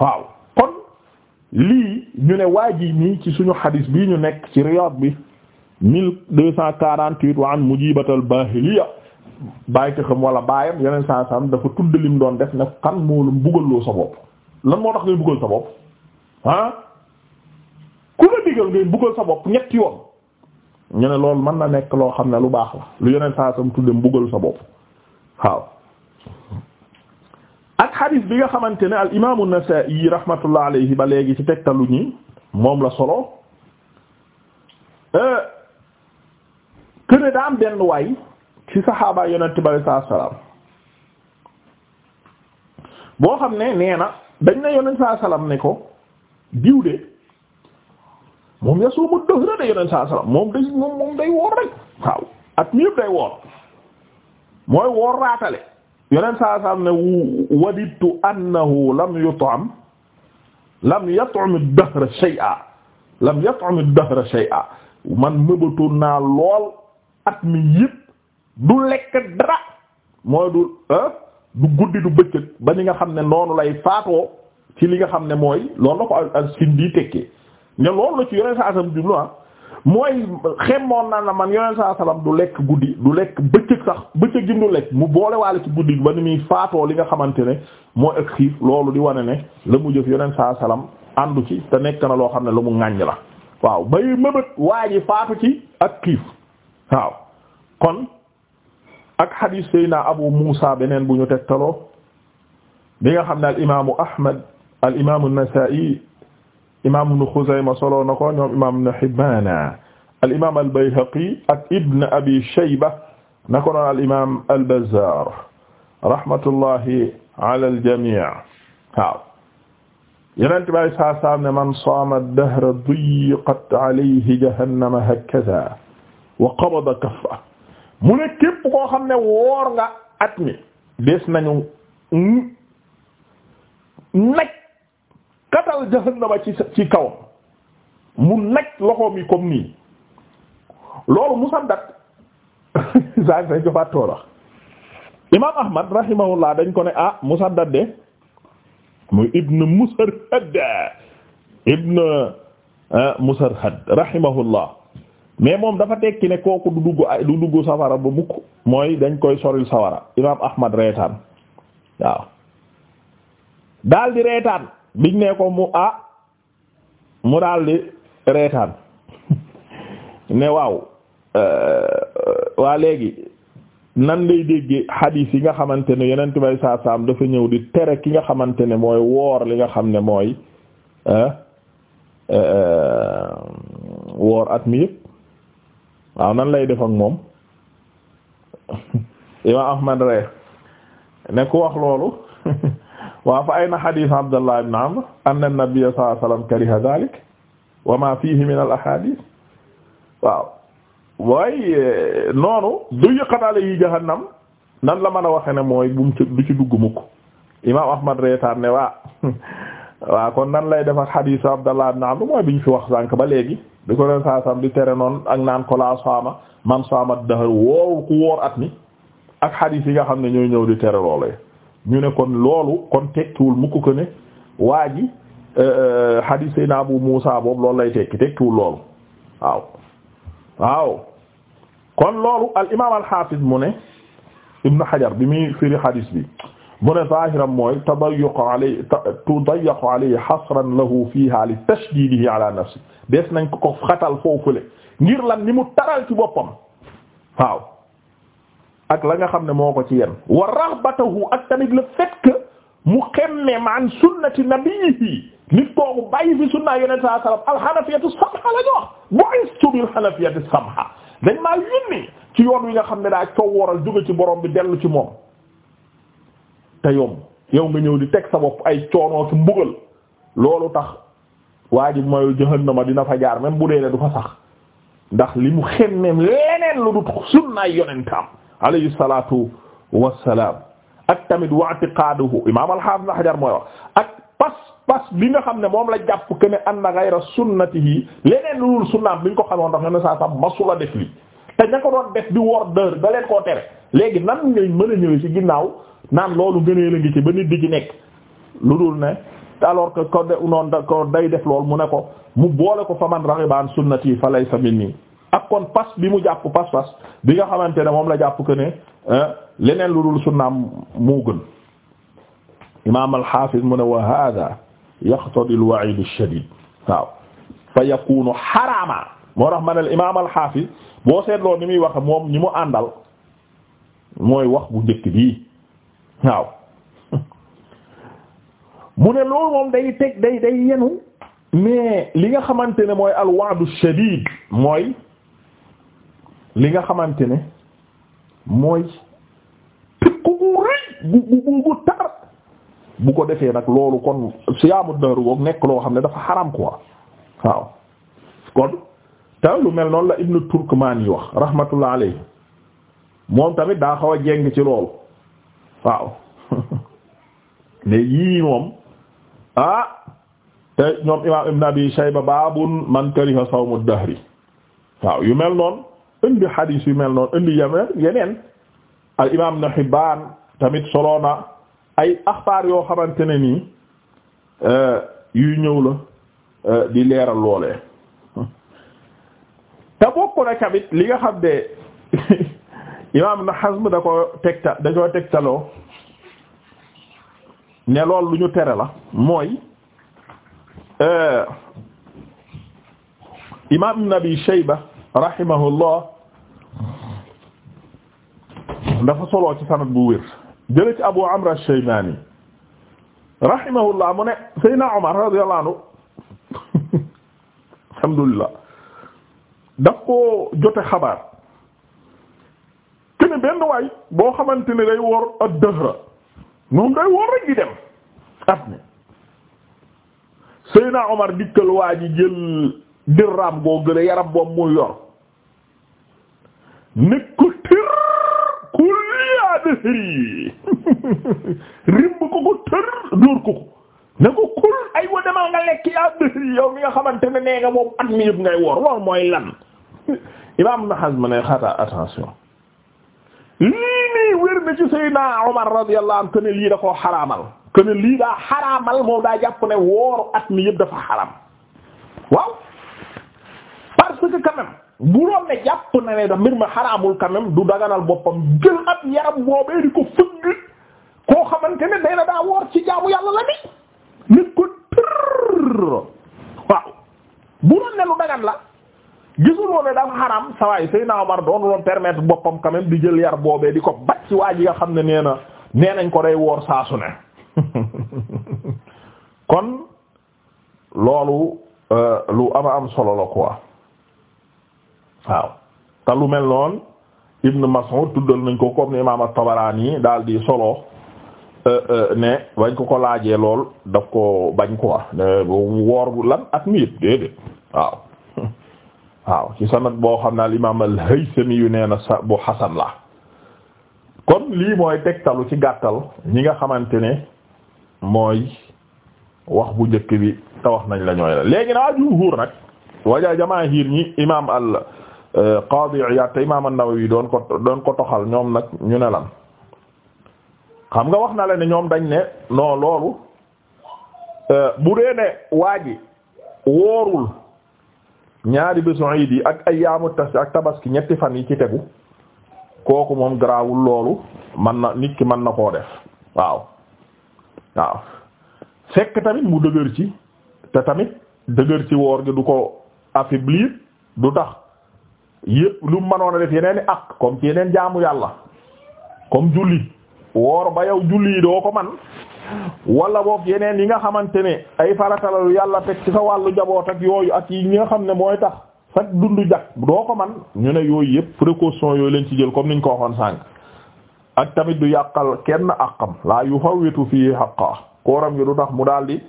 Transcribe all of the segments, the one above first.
waaw kon lii ñu ne waa ji nii ci suñu xadis bii ñu nekk ci Riyad bi mille deux cent quarante-huit wa an mujibatal bahiliya bàyyi ko xam wala baayam yeneen saa saam dafa tudd lim doon def nag kan moo la mbugaloo sa bopp lan moo tax ngay mbugal sa bopp ah ku la digal ngay mbugal sa bopp ñetti yoon ñu ne loolu mën na nekk loo xam ne lu baax la lu yeneen saa mu tudde buggal sa bopp waaw xadis bi nga xamante ne al imaamu an-Nasaa'i rahmatullah ba léegi ci tegtalu ñi moom la solo këne euh, daa am benn waay ci saxaaba yonent bi alayhi salaam boo xam ne nee na dañ ne yonent saa salaam ne ko diw de moom yasuumu dëhra de yonent saa salaam moom day moom day woor rek waaw at mi yëpp day woor mooy woor raatale yonent saa saam ne waditu annahu lam yut'am lam yut'am ad-dahr shay'a lam yut'am ad-dahr shay'a man mëbëtu naa lool at mi yëpp du lekk dara mooy du ah, du guddi du bëccëg ba ni nga xam ne noonu lay faatoo ci li nga xam ne mooy loolu la ko as sindi tekkee ne loolu la ci yonent saa saam jublu ah mooy xemmoon na la man yoneen saa salaam du lekk guddi du lekk bëccëg sax bëccëg gim du lekk mu boole waale ci guddi ba ni muy faatoo li nga xamante ne moo ak xiif loolu di wane ne la mu jëf yoneen saa salaam àndu ci te nekk na loo xam ne lu mu ŋàññ la waaw bay mëbët waa ji faatu ci ak xiif waaw kon ak xadiis sayna abu muusa beneen bu ñu tegtaloo bi nga xam ne al imaamu ahmad al imaamu nasai imaam ibn Xuzayma solo na ko ñoom imaam ibn Hibbaana al imaam al Bayhaqi ak Ibn Abi Shayba na ko noon al imaam al Bazzaar rahmatullahi ala al jamii' waaw yeneen tubaab yi saa saa ne man saama ad-dahra diqat alayhi jahannama hakaza wa qabada kaffa mu ne képp koo xam ne woor nga at mi des nañu naj katal jahannama ci ci kawam mu naj loxoom yi comme nii loolu Musaddad saag sañ ko fàttoo la Ahmad rahimahullah dañ ko ne ah Musaddad de muy ibn Musarhad ibn ah, Musarhad rahimahullah mais moom dafa tekki ne kooku du dugg ay du dugg safara ba mukk mooy dañ koy soril sawara imam Ahmad reetaan waaw daal di reetaan biñ ne ko mu ah mu daldi reetaan ne waaw euh, euh, waa léegi nan lay dégge xadiis yi nga xamante ne yeneen bay saa saam dafa ñëw di tere ki nga xamante ne mooy woor li nga xam ne mooy euh, woor at mi yëpp waaw nan lay def ak moom imaam Ahmad ree ne ku wax loolu waaw fa ayna na Abdullah ibn Amr anna an-nabiyya sallallahu alayhi wa sallam kariha dhalik wa ma fihi min al-ahadith nan la mën a waxe ne mooy bu mu ci du ci dugg mukk imam ahmad reetaan ne waa waa kon nan lay def ak xadiisu abdallah ibn amr bi ñu fi wax sànk ba léegi di ko leen saasam di tere noon ak naan ko laa saama man saama dahar woowu ku wóor at mi ak xadiis yi nga xam ne ñooy ñëw di tere loolee ñu ne kon loolu kon tekkiwul mukk ko ne waa ji euh, euh, hadis sayna Abu Muusa boobu loolu lay tekki tekkiwul loolu waaw kon loolu al imaam al xaafis mu ne Ibn Hajar bi muy firi hadis bi mu ne zaahiram mooy tadayyoqu alayhi tudayyoqu alayhi xasran lahu fiihaa li tashdiidihi ala nafsi des nañ ko ko xatal foofule ngir lan ni mu taral ci boppam waaw ak la nga xam ne moo ko ci yen wa raghbatahu ak tamit le fait mu xemme man sunnati nabiyihi nit kooku bàyyi fi sunna yonent saa sallam alxanafiyatu samha dañ maa yónni ci yoon wi nga xam ne daa coow waral jóge ci borom bi dellu ci moom te yomb yow nga ñëw di teg sa bopp ay coonoo ci mbugal loolu tax waa ji mooy jahannama dina fa jaar même bu dee ne du fa sax ndax li mu xemmeem leneen lu dut sunnaay yonentam alayhi salaatu wassalaam ak tamit wa i'tiqaaduhu imaam al-Haafiz Hajar mooy wax ak pas pas bi nga xam ne moom la jàpp que ne anna ghayra sunnatihi leneen lu dul sunnaam bi ñu ko xamoon ndax ne saa saa masula def lii te ña ko doon def di wor dër da leen koo tere léegi nan ngay mën a ñëwee ci ginnaaw naan loolu gënee la ngi ci ba nit di ci nekk lu dul ne alors que ko de noon da ko day def loolu mu ne ko mu boole ko faman raghiba an sunnati falaysa minni ak kon pas bi mu jàpp pas pas bi nga xamante ne moom la jàpp que ne leneen lu dul sunnaam moo gën imaam al-Hafiz mu ne wa hada yaqtadi al-wa'id ash-shadid waaw moo tax ma ne imaam al-Hafiz boo seetloo ni muy wax moom ñi mu àndal mooy wax bu njëkk bii waaw mu ne loolu moom day yenu mais li nga xamante ne mooy al-wa'd ash-shadid mooy li nga xamante ne mooy tikku gu rëy gu bu ko defee nag loolu kon siyaamu dëru boog nekk loo xam ne dafa xaram quoi waaw kon te lu mel noonu la ibnu Turkmaan yi wax rahmatullah alayhi moom tamit daa xaw a jeng ci loolu waaw mais yii moom ah te ñoom imaam ibn abi shayba baabun man kariha sawmu dahri waaw yu mel noonu indi xadiis yu mel noonu indi yame yeneen al imaam Ibn Hibbaan tamit solo na ay axbaar yoo xamante ne nii euh, yu ñëw la euh, di leeral loole te bokk na tamit li nga xam ne imaam Ibn Hazm da ko tegta dañoo tegtaloo ne lool lu ñu tere la mooy euh, imaam Ibn Shayba rahimahullah dafa soloo ci sanad bu wér jële ci Abu Amr Ash-Shaybani rahimahullah mu ne Seydina Omar radiyallahu anhu alhamdulillah daf koo jote xabaar kene benn waay boo xamante ni day wor ad-dahra moom day wor rek dem at mi Seydina Omar dikkal waa jël dirham goo gële yaram boobu muy yor nekkul adhri rimb ko ko tër dóor ko ko ko kul ay wa demal nga lekk yaa adhri yow mi nga xamante ne nee nga moom at mi yëpp ngay woor loolu mooy lan imam Ibn Hazm ne xataa attention lii nii wér na ci Seydina Omar radiyallahu anhu kuene lii da koo xaraamal kuene lii daa xaraamal moom daa jàpp ne wooru at mi yëpp dafa xaraam waaw que quand même bu doon ne jàpp na ne da mbir ma xaraamul quand du daganal boppam jël ab yaram boobee di ko fëgg koo xamante ne day na daa woor ci jaamu yàlla la ni nit ko tër waaw bu doon ne lu dagan la gisuloo ne dafa xaraam sawaay Seydina Omar doon doon permettre boppam quand di jël yar boobee di ko bat waa ji nga xam ne nee na nee nañ ko day woor saasu su ne kon loolu euh, lu ama am solo la quoi waaw te lu mel noonu Ibn Mas'ud tuddal nañ ko comme ni imaam at-Tabarani daal di solo euh, euh, ne bañ ko ko laajee lool daf ko bañ ko wax woor bu lan at mi yëpp déedéet waaw waaw ci sanad boo xam ne al imaam al-Haythami yu nee na sa bu xasan la kon lii mooy tegtalu ci gàttal ñi nga xamante ne mooy wax bu njëkk bi te wax nañ la ñooy la léegi naa jumhuur nag waja jamaahir ñi imaam al Euh, Qaadi Iyaad te imaam An-Nawawi doon ko doon ko toxal ñoom nag ñu ne lan xam nga wax na la ne ñoom dañ ne noo loolu euh, bu dee ne waa ji woorul ñaari bésu iid yi ak ayyaamu tas ak tabaski ñetti fan yi ci tegu kooku moom garaawul loolu man na nit ki mën na koo def waaw waaw fekk tamit mu dëgër ci te tamit dëgër ci woor gi du ko affaiblir du tax yépp lu mu mënoon a def yeneen i ak comme ci yeneen jaamu yàlla comme julli woor ba yow julli doo ko man wala boog yeneen yi nga xamante ne ay faratalalu yàlla teg ci sa wàllu jaboot ak yooyu ak yi nga xam ne mooy tax sax dundu jag doo ko man ñu ne yooyu yépp précaution yooyu leen ci jël comme niñ ko waxoon sànq ak tamit du yàqal kenn àqam laa yu fawitu fii xaqa kooram gi du tax mu daal di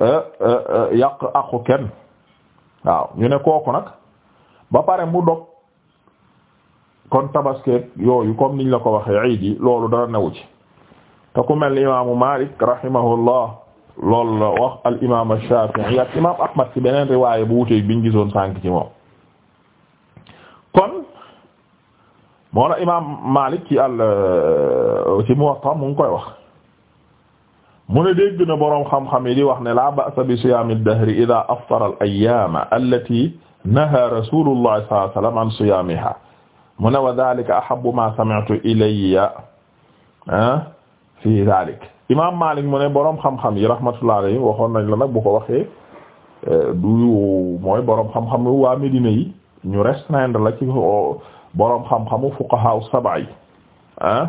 eh, eh, eh, yàq àqu kenn waaw ñu ne kooku nag ba pare mu dog kon tabaskeeg yooyu comme niñ la ko waxee iid yi loolu dara newu ci te ku mel imaamu Malik rahimahullah loolu la wax al imaam Shaafi'i ak imaam Ahmad ci beneen riwaaya bu wuteeg biñ gisoon sànk ci moom kon moo la imaam Malik ci al euh, ci Muwatta mu ngi koy wax mu ne dégg na boroom xam-xam yi di wax ne la ba'sa bi siyaami dahri idaa aftara al ayyaama allati nahaa rasuulullahi sallallahu alayhi wa sallam an siyaamihaa mu ne wa dhalika ahabbu ma sami'tu ilayya ah, fi dhalik imam Malik mu ne boroom xam-xam yi rahmatullahi alayhi waxoon nañ la nag bu ko waxee eh, du mooy boroom xam-xam yu waa Médina yi ñu restreindre la ci oh, boroom xam-xamu fuqaha as-sab'a yi ah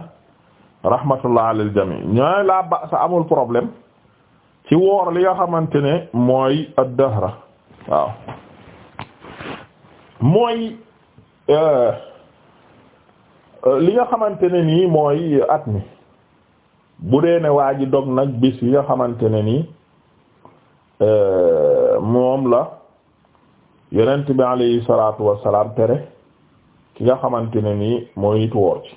rahmatullah alal jami ñooy laa ba sa amul problème ci woor li nga xamante ne mooy ad-dahra waaw mooy eh, Euh, li nga xamante ne nii mooy at mi bu dee ne waa ji dog nag bis yi nga xamante ne nii euh, moom la yonent bi alayhi salaatu wassalaam tere ki nga xamante ne nii mooy nit woor ci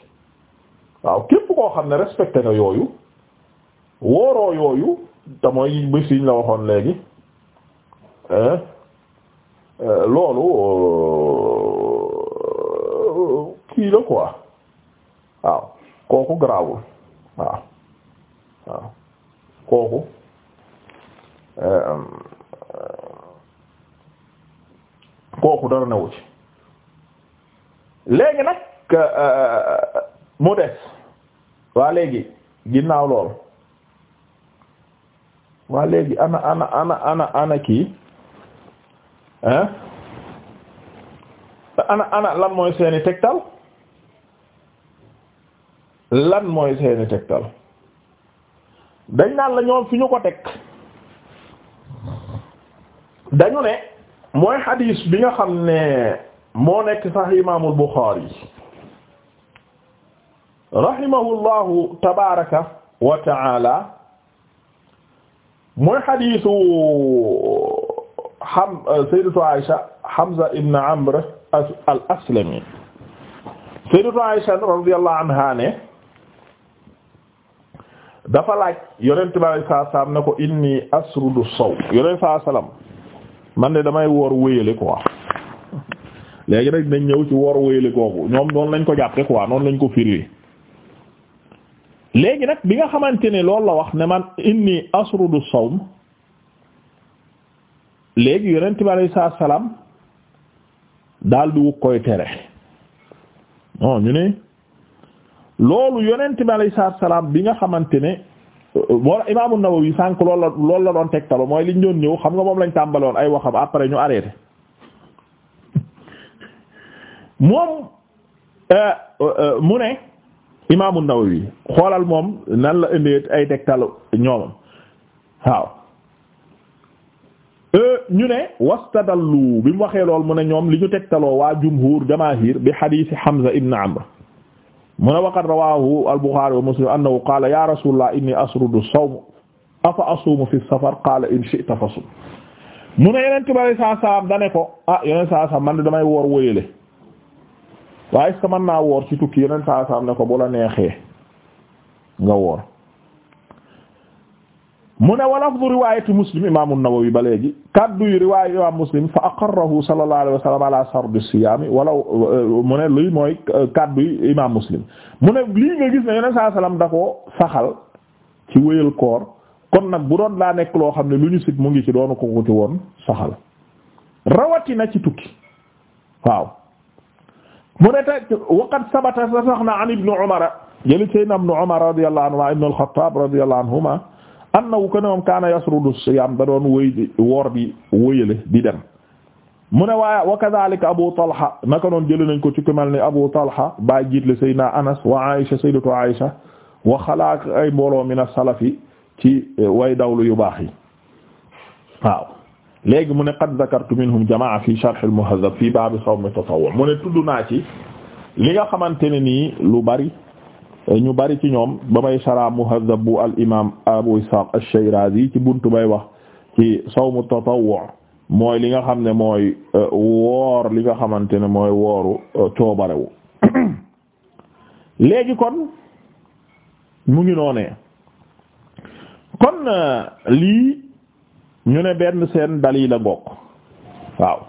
waaw képp koo xam ne respecté nga yooyu wooroo yooyu te mooy bis yiñ la waxoon léegi euh, loolu kii la quoi waaw kooku garaawul waaw waaw kooku ehm, ehm, kooku dara newu ci léegi nag eh, eh, eh, mu des waa léegi ginnaaw lool waa léegi ana ana ana ana ana kii hein ana ana lan mooy seeni tegtal lan mooy seeni tegtal dañ naan la ñoom fi ñu ko teg dañu ne mooy xadiis bi nga xam ne moo nekk sax imaamul Buxaari rahimahullahu tabaaraka wa ta'ala mooy xadiisu xam sayyidatu Aisha Hamza ibn Amr al-Aslami sayyidatu Aisha radiyallahu anha ne dafa laaj yonent bi alayhi salaatu salaam ne ko inni asrudu sow yonent saa salaam man ne damay woor wéyale quoi léegi nag dinañ ñëw ci wor wéyale googu ñoom noonu lañ ko jàppe waa noonu lañ ko firi léegi nag bi nga xamante ne loolu la wax ne man inni asrudu sawm léegi yonent bi alayhi salaatu salaam daal di wug koy tere non ñu ne loolu yonent bi alayhi salaam bi nga xamante ne moo Imaamu Nawawi sànq loolu la loolu la doon tegtaloo mooy liñ doon ñëw xam nga moom lañ tàmbaloon ay waxam après ñu arrêté moom euh, euh, mu ne Imaamu Nawawi xoolal moom nan la indee ay tegtal ñoomam waaw euh, ñu ne wastadallu bi mu waxee lool mu ne ñoom li ñu tegtaloo waa jumhur jamaahir bi xadiisi Hamza ibn Amr mu ne waqad rawaahu al-Buxaari wa Muslim annahu qaala yaa rasuulullaah innii asrudu sawm afa asuumu fi safar qaala in shi'ta fasum mu ne yeneen tubaab yi dane ko ah yeneen saa man man damay woor wóyale waaye est-ce naa woor ci tukki yeneen saa saa ne ko bu la neexee nga woor mu ne wa lafdu riwaayati muslim imaamu Nawawi ba léegi kaddu yu riwaay imaam muslim fa aqarrahu sallallahu alayhi wa sallam ala sardi siyaami wala mu ne lii mooy kaddu yi imaam muslim mu ne lii nga gis ne yeneen saa salaam da koo saxal ci wéyal koor kon nag bu doon daa nekk loo xam ne lu ñu sit mu ngi ci doonu ko wuti woon saxal rawatina ci tukki waaw mu ne te waqad sabata sax na an ibnu Umar jëli Seydina ibnu Umar radiyallahu anhu ibnu al-Khattab radiyallahu anhuma annahu ko ne moom kaana yasrudu siyam da bi wëyale dem mu ne waaye wa kadhalika abu talha naka noon jëli nañ ko ci ku mel ni abu talha ba jiitle saydna anas wa aisha sayyidatu aisha wa xalaak ay mbooloo min as-salafi ci eh, way dawlu yu baax yi waaw léegi mu ne qad dhakartu minhum jamaa fi sharh al-muhazzab fi bab sawm at-tatawwu mu ne tudd naa ci li nga xamante ne nii lu bari ñu bari ci ñoom ba may sara muhazzab al imam abu ishaq ash-shirazi ci buntu may wax ci sawmu tatawwu mooy li nga xam ne mooy euh, woor li nga xamante ne mooy wooru euh, coobarewu léegi kon mu ngi noonee kon euh, lii ñu ne benn seen dalil la bokk waaw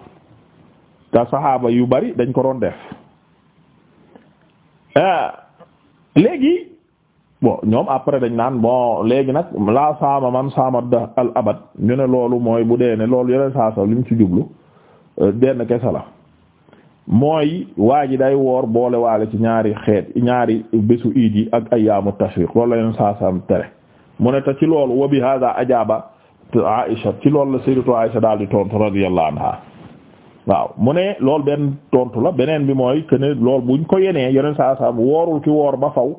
te saxaaba yu bari dañ ko doon def léegi bon ñoom après dañ naan bon léegi nag laa saama man saama da al abad ñu ne loolu mooy bu dee ne loolu yeneen saa sa li mu ci jublu euh, benn kese la mooy waa ji day woor boole waale ci ñaari xeet ñaari bésu iid yi ak ayyaamu tashriq loolu la yeneen saa sa tere mu ne te ci loolu wa bi hada ajaaba Aïsha ci lool la sayyidatu Aïsha daal di tontu radiyallahu anha waaw mu ne loolu benn tontu la beneen bi mooy que ne loolu buñ ko yenee yeneen saa saa woorul ki woor ba faw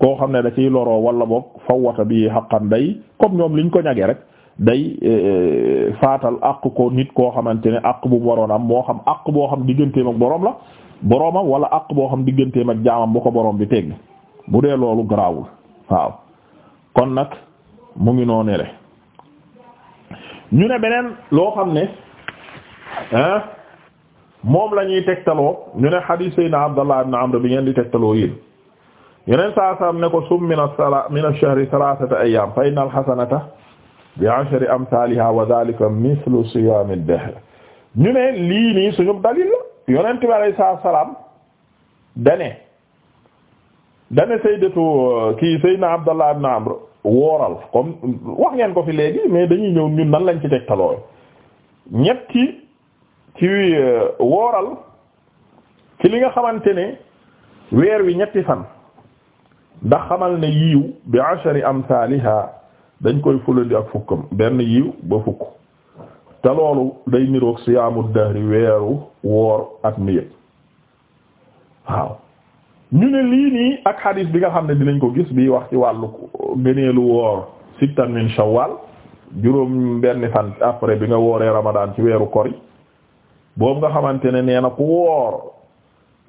koo xam ne da ciy loroo wala boog fawwata bi xaqan day comme ñoom liñ ko ñagee rek day e, e, faatal àq ko nit koo xamante ne àq bu mu waroon am moo xam àq boo xam digganteem ak boroom la boroomam wala àq boo xam digganteem ak jaamam bu ko boroom bi tegg bu dee loolu garaawul waaw kon nag mu ngi noonee ñu ne beneen loo xam ne ah. moom lañuy ñuy tegtaloo ñu ne xadiis Seydina Abdallah bi ngeen di tegtaloo yéen yeneen saa saam ne ko sum min as-sala min ash-shahri thalathata ayyam fa inna al bi amthaliha wa dhalika mithlu siyam ad ñu ne lii nii suñu dalil la yonent bi alayhi salaam dane dane sayyidatu kii Seydina Abdallah ibn Amr wooral comme wax ngeen ko fi léegi mais dañuy ñëw ñun nan lañ ci tegtaloo ñetti ci euh, wooral ci li nga xamante ne weer wi ñetti fan ndax xamal ne yiiw bi am amsaaliha dañ koy fulandi ak fukkam benn yiiw ba fukk te loolu day niroog siyaamu dahri weeru woor at mi waaw ñu ne lii nii ak hadith bi nga xam ne dinañ ko gis bi wax ci wàllu gëneelu woor sittan min shawwal juróom benn fan après bi nga wooree ramadaan ci weeru kori boobu nga xamante ne nee na ku woor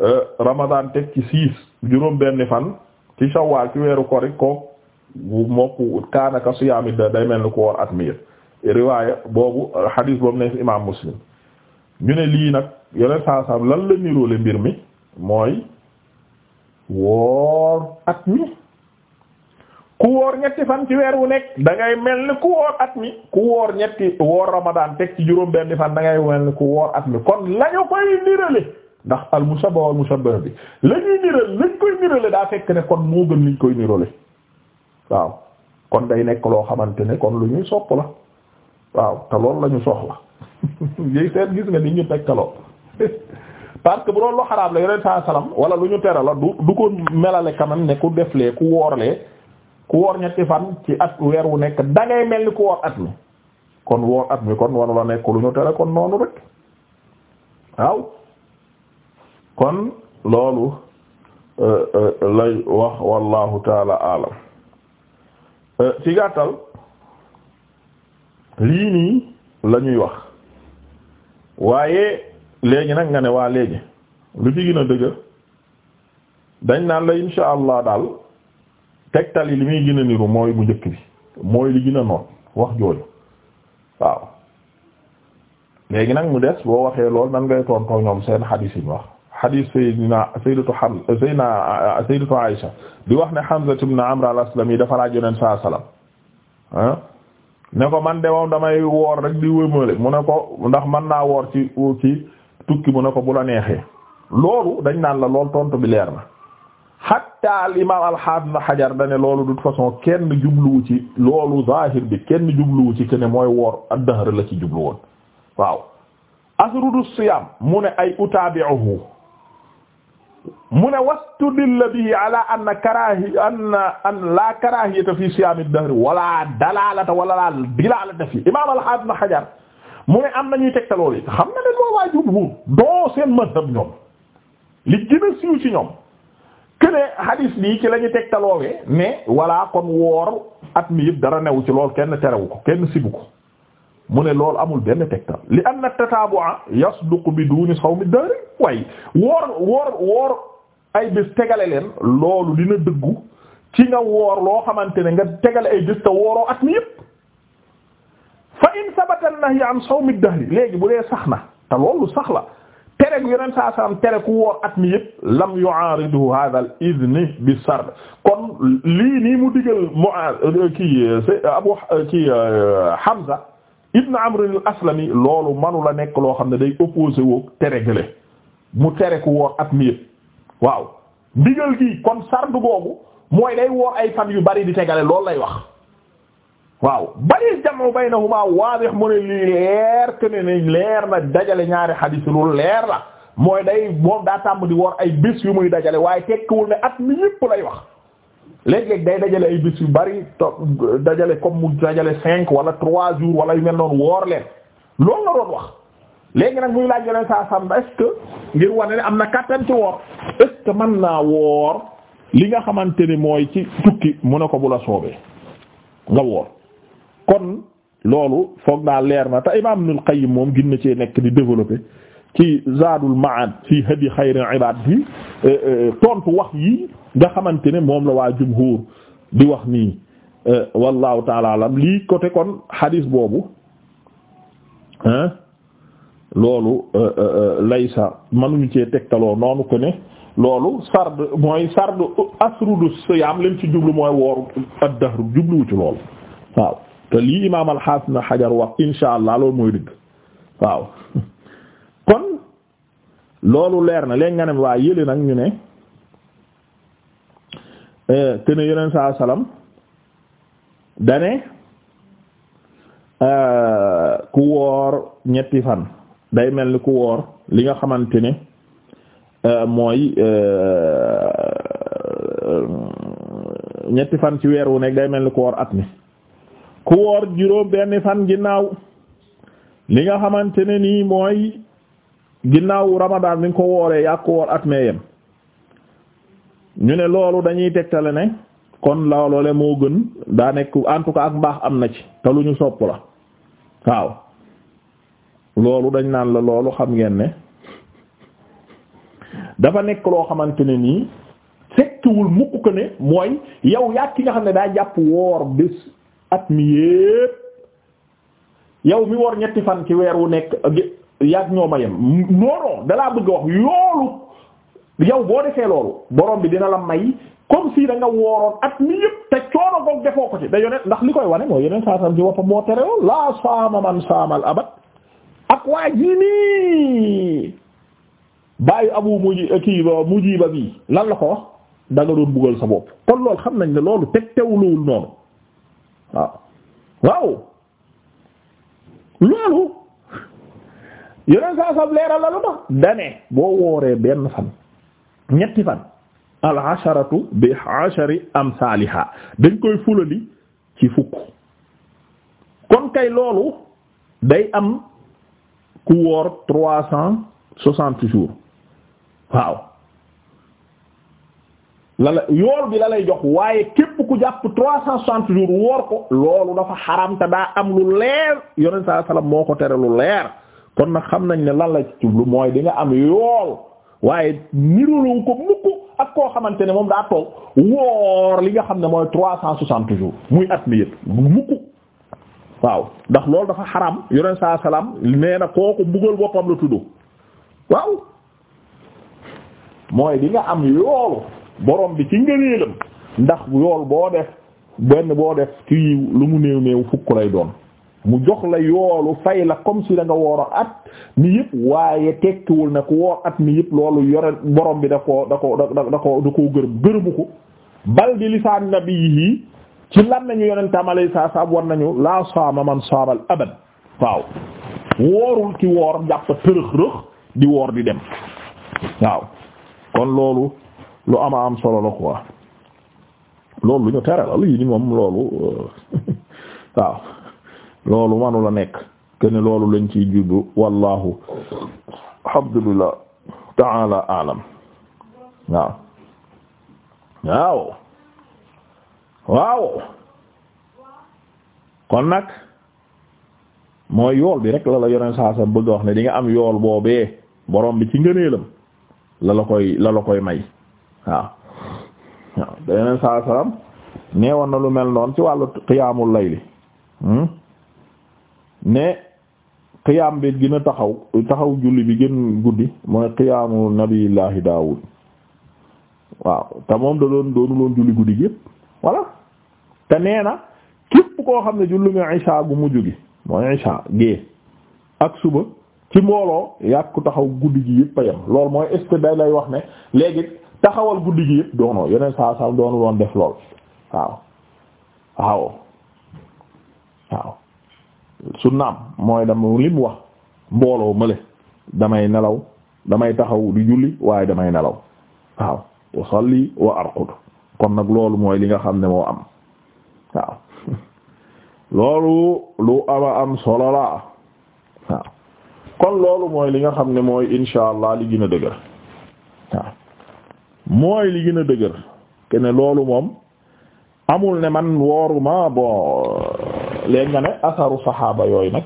euh, Ramadan teg ci six juróom benn fan ci Shawwal ci weeru kori kook mokku kaanaka siyaami da day mel ni ku woor at miir riwaaya boobu hadis euh, boobu ne imam Muslim ñu ne lii nag yoneen saasam lal la niroole mbir mi mooy woor at mi ku woor ñetti fan ci weer wu nekk da ngay mel ni ku woor at mi ku woor ñetti woor Ramadan teg ci juróom benn fan dangay ngay mel ni ku woor at mi kon lañu koy nirale ndax al mushabbah wal mushabbah bi daa fekk ne liñ koy nirale waaw kon day nekk loo xamante ne kon lu ñuy sopp la waaw te loolu lañu ñu soxla yéy seen gis nga ni ñu tegtaloo parce bu doon loo xaraam la yoneen saa salam wala lu ñu tera la du du ko melale kanam ne ku deflee ku woorlee ku woor ñetti fan ci at weer wu nekk da mel ni ku woor at mi kon woor at mi kon waru la nekk lu ñu tere noonu rek waaw kon loolu euh, euh, lay wax wallahu taala alam euh, ci gàttal lii nii la ñuy wax waaye léegi nag nga ne waa léegi lu ci gën a dëgër dañ naan la insha allah daal tegtal yi li muy gën a mooy bu njëkk bi mooy li gën a wax jooju waaw léegi nag mu des boo waxee lool nan ngay tontoo ñoom seen xadiis yi ñu wax xadiis sayyidina sayyidatu xam sayyidina sayyidatu Aisha di wax ne Hamza ibn Amr al-Aslami dafa laaj Yonent saa salaam ah ne ko man de damay woor rek di wémale mu ne ko ndax man naa woor ci ci tukki mu ne ko bu la neexee loolu dañ naan la lool tontu bi leer na. hatta al imam alxaafid na xajar dane loolu de toute façon kenn jubluwu ci loolu zahir bi kenn jubluwu ci kene mooy woor ad-dahr la ci jublu woon waaw asrudu siyam mu ne ay utaabi'uhu mu ne wastudilla bihi ala anna karahi anna an la karahiyata fi siyam ad-dahr wala dalalata wala la dilalata fi imam alxaafid na xajar mu ne am nañuy tegta loolu yi xam na ne loolaa jublu don seen mazhab ñoom li gën a siiw ci ñoom këne hadis bi ci la ñu taloowe ne voilà kon woor at mi yëpp dara newu ci lool kenn terewu ko kenn sibu ko mu ne lool amul benn tegtal li anna tataabu'a yasduqu bi duuni sawmi dahr waaye woor woor woor ay bés tegale leen loolu dina dëggu ci nga woor loo xamante ne nga tegale ay bés te wooroo at mi yëpp fa in sabata an-nahyu an sawmi dahr léegi bu dee sax na te loolu sax la tere gu yeneen saa tere ku woor at mi yëpp lam yu'aaridu hadha al idni bi sard kon lii nii mu digal mu kii Abu kii Hamza ibn Amr al-Aslami loolu manu la nekk loo xam ne day opposé woo tere gële mu tere ku woor at mi yëpp waaw ndigal gi kon sard googu mooy day woor ay fan yu bari di tegale loolu lay wax waaw bari jamu baynahuma waadix mu ne lii leer te ne nañ leer na dajale ñaari xadiis lu leer la mooy day moom daa tàmm di woor ay bés yu muy dajale waaye tekkiwul ne at mi yépp lay wax léeg-léeg day dajale ay bés yu bari dajale comme mu dajale cinq wala trois jours wala yu mel noonu woor leen loolu la doon wax léegi nag muy laaj yeneen saa sàmm est ngir wane ne am na kàttan ci woor est-ce mën naa woor li nga xamante ni mooy ci tukki mu ne ko bu la soobee kon loolu foog naa leer na te imaam Ibnul Qayyim moom gin na cee nekk di développer ci Zaadul Ma'aad fi hadyi xayril ibaad bi eh, eh, tontu wax yi nga xamante ne moom la waa jumhuur di wax nii eh, wallahu taala alam lii côté kon hadis boobu loolu laysa manuñu cee tegtaloo noonu ko ne loolu sard mooy sard asrudu siyaam leen ci jublu mooy wooru ad-dahr jubluwu ci loolu waaw te lii imaam al-Hasan Hajar wax insha allah loolu mooy dëgg waaw kon loolu leer na léegi nga ne waa yële nag ñu ne eh, te ne yeneen saa salaam dane eh, ku woor ñetti fan day mel ni ku woor li nga xamante ne eh, mooy ñetti fan ci weer wu nekk day mel ni ku woor at mi ku woor juróom benn fan ginnaaw li nga xamante ne nii mooy ginnaaw ramadaan bi nga ko wooree yaa ko woor at meeyam ñu ne loolu dañuy tegtale ne kon loolole moo gën daa nekk en ak mbaax am na ci te lu ñu sopp la waaw loolu dañ naan la loolu xam ngeen ne dafa nekk loo xamante ne nii fekkiwul mukk ko ne mooy yow yaa ki nga xam ne daa jàpp woor bés at mi yépp yow mi wor ñetti fan ci weer wu nekk yaag ñoo ma yem non non dalaa bëgg a wax yoolu yow boo defee loolu borom bi dina la may comme si da nga wooroon at mi yëpp te coono goog defoo ko ci da yoneen ndax li koy wane mooy yeneen saasam ci woppam moo tere woon laa saama man saamal abad ak waa ji nii bàyyi abu muji kii mujiba bi lan la ko wax da doon buggal sa bopp kon loolu xam nañ ne loolu teg tewluwul noonu waaw waaw loolu yeneen saa sab leeral la lu tax dane boo wooree benn fan ñetti fan al asharatu bi ashari amsaaliha dañ koy fulali ci fukk kon kay loolu day am ku woor trois cent soixante jours waaw la la yool bi la lay jox waaye képp ku jàpp trois cent soixante jours woor ko loolu dafa xaram te daa am lu leer yonent saa salaam moo ko tere lu leer kon nag xam nañ ne lan la ci jublu mooy di nga am yool waaye nirolu ko mukk ak koo xamante ne moom daa toog woor li nga xam ne mooy trois cent soixante jours muy at mi mukk waaw ndax loolu dafa xaram yonent saa salaam nee koo kooku mbugal boppam la tudd waaw mooy di nga am yoolu borom bi ci ngëneelam ndax yool boo def benn boo def ci lu mu néew néew fukk lay doon mu jox la yoolu fay la comme si da nga woor at mi yëpp waaye tekkiwul ne ku woor at mi yëpp loolu yore borom bi da ko da ko da ko da koo gërëm gërëmu ko bal bi lisaan nabi yi ci lan nañu yonentam alay saa saab war nañu laa saama man saabal abad waaw woorul ki woor jàpp tërëx rëx di woor di dem waaw kon loolu lu am a am solo la quoi loolu lu ñu tere la lii ni moom loolu euh, waaw loolu manu la nekk kene loolu lañ ciy juddu wallahu alhamdulillah taala alam waaw waaw waaw kon nag mooy yool bi rek la la yoneen saa sa bëgg wax ne di nga am yool boobee borom bi ci ngëneelam la la koy la la koy may waaw waaw da yeneen saa salaam na lu mel noonu ci wàllu qiyaamul layli hmm? ne qiyaam bi gën a taxaw taxaw julli bi gën guddi mooy qiyaamu nabiyullahi daawud waaw te moom da doon doonu loon julli guddi gi yëpp voilà te nee na képp koo xam ne julli nga isha gu mujj gi mooy isha gée ak suba ci mbooloo yàgg taxaw guddi gi yëpp a yem mooy est day lay wax ne léegi taxawal guddi gi yëpp doono yeneen saa saa doonu woon def lool waaw waaw waaw su naam mooy dama lim wax mbooloo mële damay nelaw damay taxaw di julli waaye damay nelaw waaw wa wa arqud kon nag loolu mooy li nga xam ne moo am waaw loolu lu ama am solo waaw kon loolu mooy li nga xam ne mooy insha allah li gën a dëgër waaw mooy li gën a dëgër kene loolu moom amul ne man wooruma bon léegi nga ne asaru saxaaba yooyu nag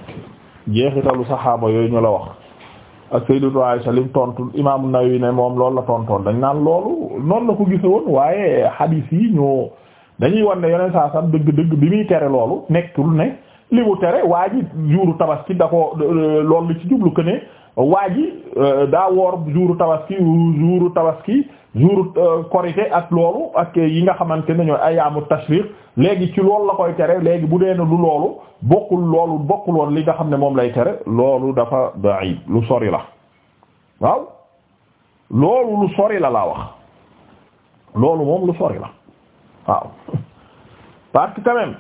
jeexitalu saxaaba yooyu ñu la wax ak Sayyidatu Aisha lim tontu Imaam Nawawi ne moom loolu la tontoon dañ naan loolu noonu la ko gise woon waaye hadis yi ñoo dañuy wan ne yeneen saa sam dëgg-dëgg bi muy tere loolu nekkul ne limu mu tere waa ji juuru tabaski da ko loolu li ci jublu que ne waa ji euh, daa woor juuru tabaski juuru tabaski jour euh, korité ak loolu ak yi nga xamante ne ñooy ayaamu tashriq léegi ci loolu la koy tere léegi bu dee na du loolu bokkul loolu bokkul woon li nga xam ne moom lay tere loolu dafa ba'id lu sori la waaw loolu lu sori la laa wax loolu moom lu sori la waaw parce que quand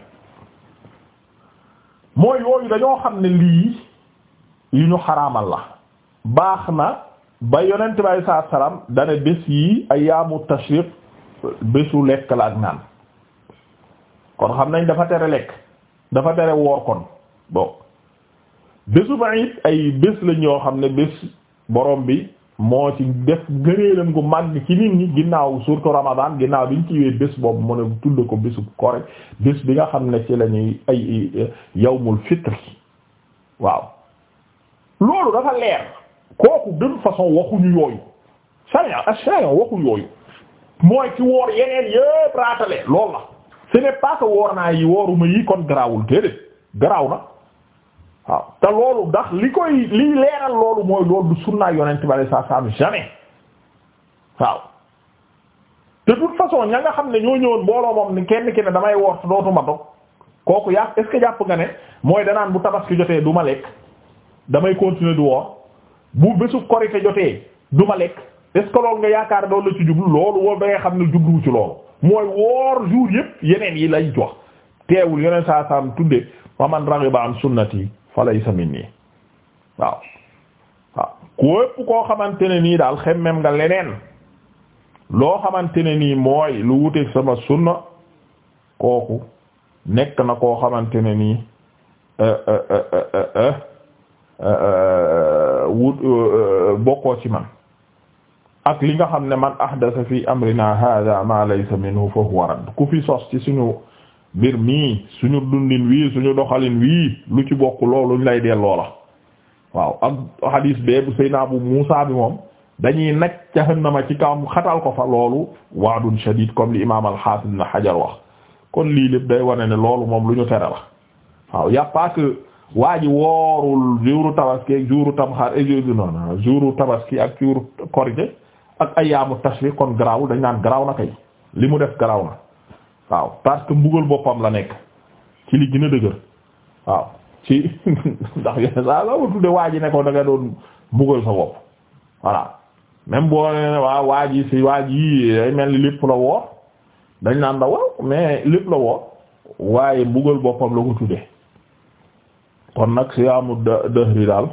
mooy yooyu dañoo xam ne lii yu ñu xaraamal la baax na. ba yonent bi alei salaatu salaam dane bés yi ayyaamu tashriq bésu lekk la ak naan kon xam nañ dafa tere lekk dafa tere woor kon bon bésu Iid ay bés lañ yoo xam ne bés borom bi moo ci def gëreelam gu mag ci nit ñi ginnaaw surtout Ramadan ginnaaw bi ñu ciwee bés boobu mu ne tudd ko bésu kore bés bi nga xam ne ci la ñuy ay yawmul fitr waaw loolu dafa leer kooku d'une façon waxuñu yooyu sharia ash-sharia waxuñu yooyu mooy ci woor yeneen yépp raatale loolu la ce n'est woor naa yi wooruma yi kon garaawul déedéet garaaw na waaw te loolu ndax li koy liy leeral loolu mooy loolu du sunnaa yonent bale saa saam jamais waaw de toute façon ña nga xam ne ñoo ñëwoon mbooloo moom ni kenn ki ne damay woor te dootuma dog kooku yaa est jàpp nga ne mooy danaan bu tabaski jotee du ma lekk damay continuer du woor bu bésu korite jotee duma lekk est-ce loolu nga yaakaar doon la ci jublu loolu woo da ngay xam ne jublu ci loolu mooy woor jour yëpp yeneen yi lañ jox teewul yeneen saa saam tudde wa man raghiba an sunnati falaysa minni waaw waaw képp koo xamante ne nii daal xemmem nga leneen loo xamante ne nii mooy lu wuteeg sama sunna kooku nekk na koo xamante ne nii eh, eh, eh, Euh, euh, wut euh, bokkoo ci man ak li nga xam ne man ahdasa fi amrina hada ma laysa minhu fa huwa ku fi sos ci suñu mbir mii suñu dundin wii suñu doxalin wii lu ci bokk loolu lay delloo la waaw ak hadis bee bu Seydina Abu Muusa bi moom dañuy naj jahannama ci kawam xatal ko fa loolu waadun shadid comme li imaam al-Hafiz Ibn Hajar wax kon lii lépp day wane ne loolu moom lu ñu tere la waaw y waa ji woorul jouru tabaski ak jouru tamxaar et jouru non non jouru tabaski ak jouru korite ak ayyaamu tashriq kon garaawul dañ naan garaaw na kay li mu def garaaw na waaw parce que mbugal boppam la nekk ci li gën a dëgër waaw ci ndax yenn saa la tudde waa ji ne ko da nga doon mbugal sa bopp voilà même boo waa waa ji si waa ji ay mel ni lépp la woor dañ naan la waaw mais lépp la woor waaye mbugal boppam la ko tudde kon nag siyaamu dëhri daal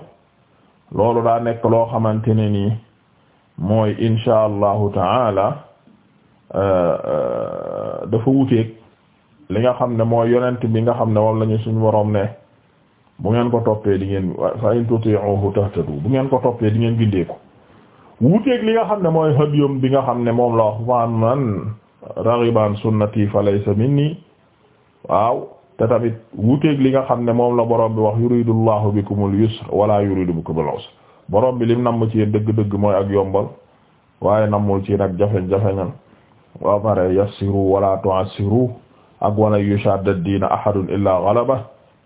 loolu daa nekk loo xamante ne nii mooy insha allahu taala euh, euh, dafa wuteeg li nga xam ne mooy yonent bi nga xam ne moom lañu suñu boroom ne bu ngeen ko toppee di ngeen fa in tuti'uhu tahtadu bu ngeen ko toppee di ngeen gindeeku wuteeg li nga xam ne mooy hadiyum bi nga xam ne moom la wax man raghiban sunnati fa laysa minni waaw te tamit wuuteeg li nga xam ne moom la boroom bi wax yuridullahu bikumul yusr wala yuridu bikumul usr borom bi lim namm ci dëgg-dëgg mooy ak yombal waaye nammul ci nag jafe-jafeñal wa pare yassiru wala tu'assiru ak wala yushadda diina ahadun illaa ghalaba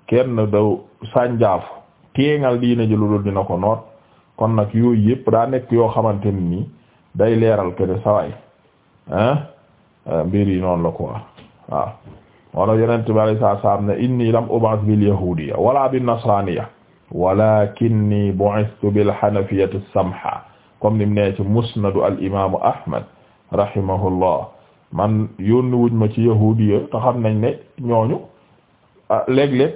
kenn daw sànjaaf téengal diina ji lu dul dina ko noot kon nag yooyu yépp daa nekk yoo xamante ne nii day leeral ke ne mbir yi noonu la quoi waaw wala yonent bi alayhi salaatu salaam ne inni lam ub'as bil yahudiyya wala bin nasraniyya walakinni bu'istu bil hanafiyyati samha comme ni mu nee ci musnad al imaamu Ahmad rahimahullah man yónni wuñ ma ci yahudiyya te xam nañ ne ñooñu ah, léeg-léeg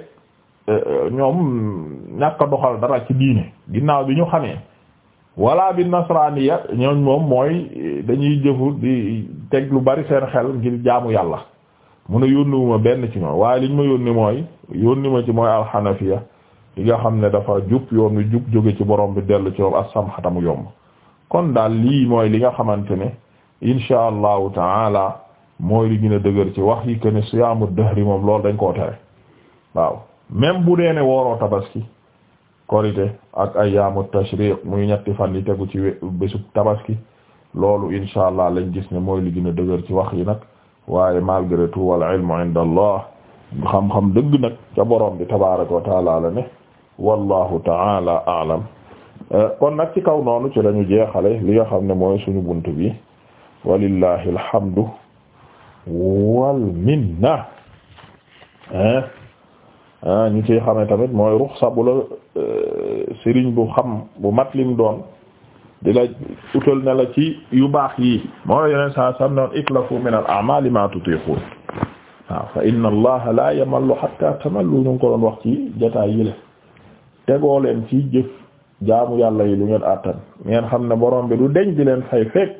eh, eh, ñoom ñàkk a doxal dara ci diine ginnaaw bi ñu xamee wala bin nasraniyya ñooñ moom mooy eh, dañuy jëfu di teg lu bari seen xel ngir jaamu yàlla. mun ne yónniwuma benn ci ñoom waaye liñ ma yónni mooy yónni ma ci mooy alxanafiya li nga xam ne dafa jub yoon wi jub jóge ci borom bi dellu ci ak assamxatamu yomb kon daal lii mooy li nga xamante ne insha allahu taala mooy li gën a dëgër ci wax yi que ne siyaamu dëhri moom loolu dañ koo tere waaw même bu dee ne wooroo tabaski korite ak ayyaamu tashriq muy ñetti fan yi tegu ci bésub tabaski loolu insha allah lañ gis ne mooy li gën a dëgër ci wax yi nag waaye malgré tout wal ilmu inda allah xam-xam dëgg nag ca boroom bi tabaraka wa taala la ne wallahu taala aalam kon nag ci kaw noonu ci lañu jeexale li nga xam ne mooy suñu bunt bi walillahi alhamdu wal minna ñu ciy xamee tamit mooy ruxsa bu la euh, sëriñ bu xam bu mat lim doon di la utal na la ci yu baax yii moo la yeneen saa sam noon iklafu min al a'mali ma tutiqun waaw fa inna allaha la yamallu hatta tamallu ñu ngi ko doon wax ci jotaay yi la tegoo leen ci jëf jaamu yàlla yi lu ngeen àttan ngeen xam ne borom bi du deñ di leen fay fekk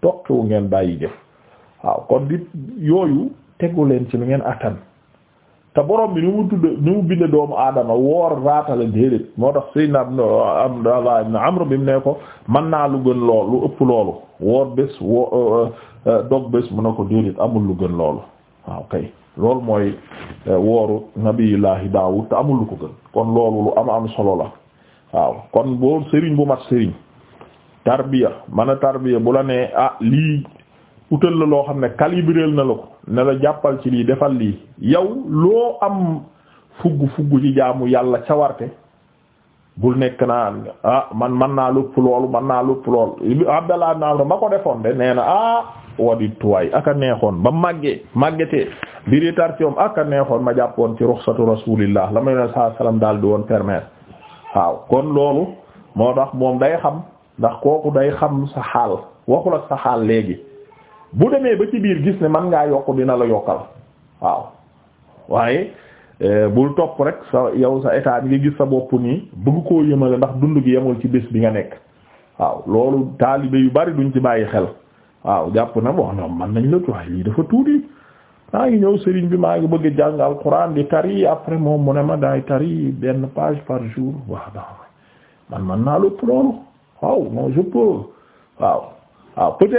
toqiwu ngeen bàyyi jëf waaw kon di yooyu tegu leen ci lu ngeen àttan te borom bi ni mu tudd ni mu bind doomu aadama woor raatale déedéet moo tax Seydina Abdallah ibn am bi mu ne ko mën naa lu gën lool lu ëpp loolu woor bés woo euh, euh, dog bés mu ne ko déedéet amul lu gën loolu waaw kay loolu mooy euh, wooru nabiyullahi Daawud te amul lu ko gën kon loolu lu am am solo la waaw kon boo sëriñ bu mat sëriñ tarbiya man a tarbiya bu la nee ah lii utal la loo xam ne calibrel na la ko ne la jàppal ci lii defal lii yow loo am fugg fugg ci jaamu yàlla cawarte bul nekk naa ah man man naa lupp loolu man naa lupp loolu Abdallah ibn Amr ma ko defoon de nee na ah wadi tuwaay aka neexoon ba màggee màggetee biri tar ci moom aka neexoon ma jàppoon ci ruxsatu rasulillah la ma yoneen saa salaam daal di woon permettre waaw kon loolu moo tax moom day xam ndax kooku day xam sa xaal waxul ak sa xaal léegi bu demee ba ci biir gis ne man ngaa yokk dina la yokkal waaw waaye eh, bul topp rek sa yow sa état bi nga gis sa bopp nii bëgg koo yëmale ndax dund gi yemul ci bés bi nga nekk waaw loolu taalibe yu bari duñ ci bàyyi xel waaw jàpp na bon ñoom man nañ la waaye lii dafa tuuti maa ngi ñëw sëriñ bi maa ngi bëgg a jàng alxuraan di tari après moom mu ne ma daay tari benn page par jour waaw man man naa lépp loolu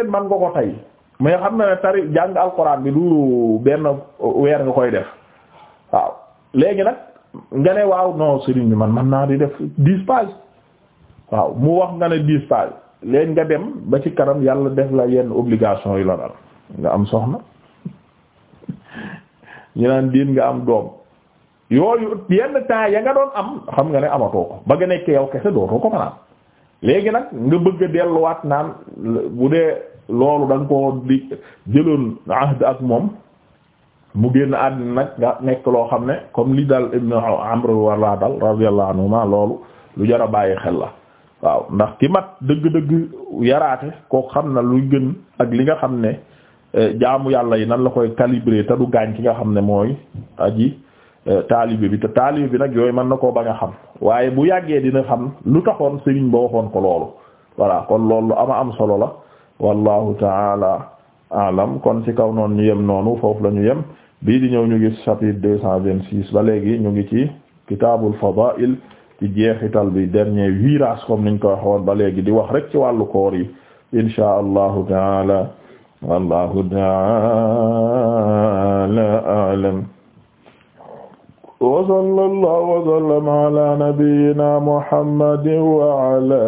man nga ko tey mais xam na ne tari jàng alxuraan bi du benn weer nga koy def waaw léegi nag nga ne waaw non sëriñ bi man man naa di def dix pages waaw mu wax nga ne dix pages nga dem ba ci kanam yàlla def la yenn obligation yi la dal nga am soxna ñu naan diin nga am doom yooyu yenn temps ya nga doon am xam nga ne amatoo ko ba nga nekk yow kese dootoo ko mën léegi nag nga bëgg delluwaat naan bu dee loolu da nga ko di jëloon ahd ak moom mu génn àddina nag nga nekk loo xam ne comme li dal ibn amr wala dal radiyallahu anhuma loolu lu jar a bàyyi xel la waaw ndax ki mat dëgg-dëgg yaraate koo xam na luy gën ak li nga xam ne eh, jaamu yàlla yi nan la koy calibré te du gaañ ki nga xam ne mooy aji eh, taalibe bi te taalibe bi nag yooyu mën na koo ba nga xam waaye bu yàggee dina xam lu taxoon sëriñ ba waxoon ko loolu voilà kon loolu ama am solo la wallahu taala alam kon ci kaw noonu ñu yem noonu foofu lañu yem bii di ñëw ñu gis chapitre deux cent vingt ba léegi ñu ngi ci kitaabul fadaa'il ci jeexital bi dernier virage comme niñ ko waxoon ba léegi di wax rek ci wàllu koor yi inshaa allahu taala wallahu taala alam wa sallallahu wa sallama ala nabiyyina muhammadin wa ala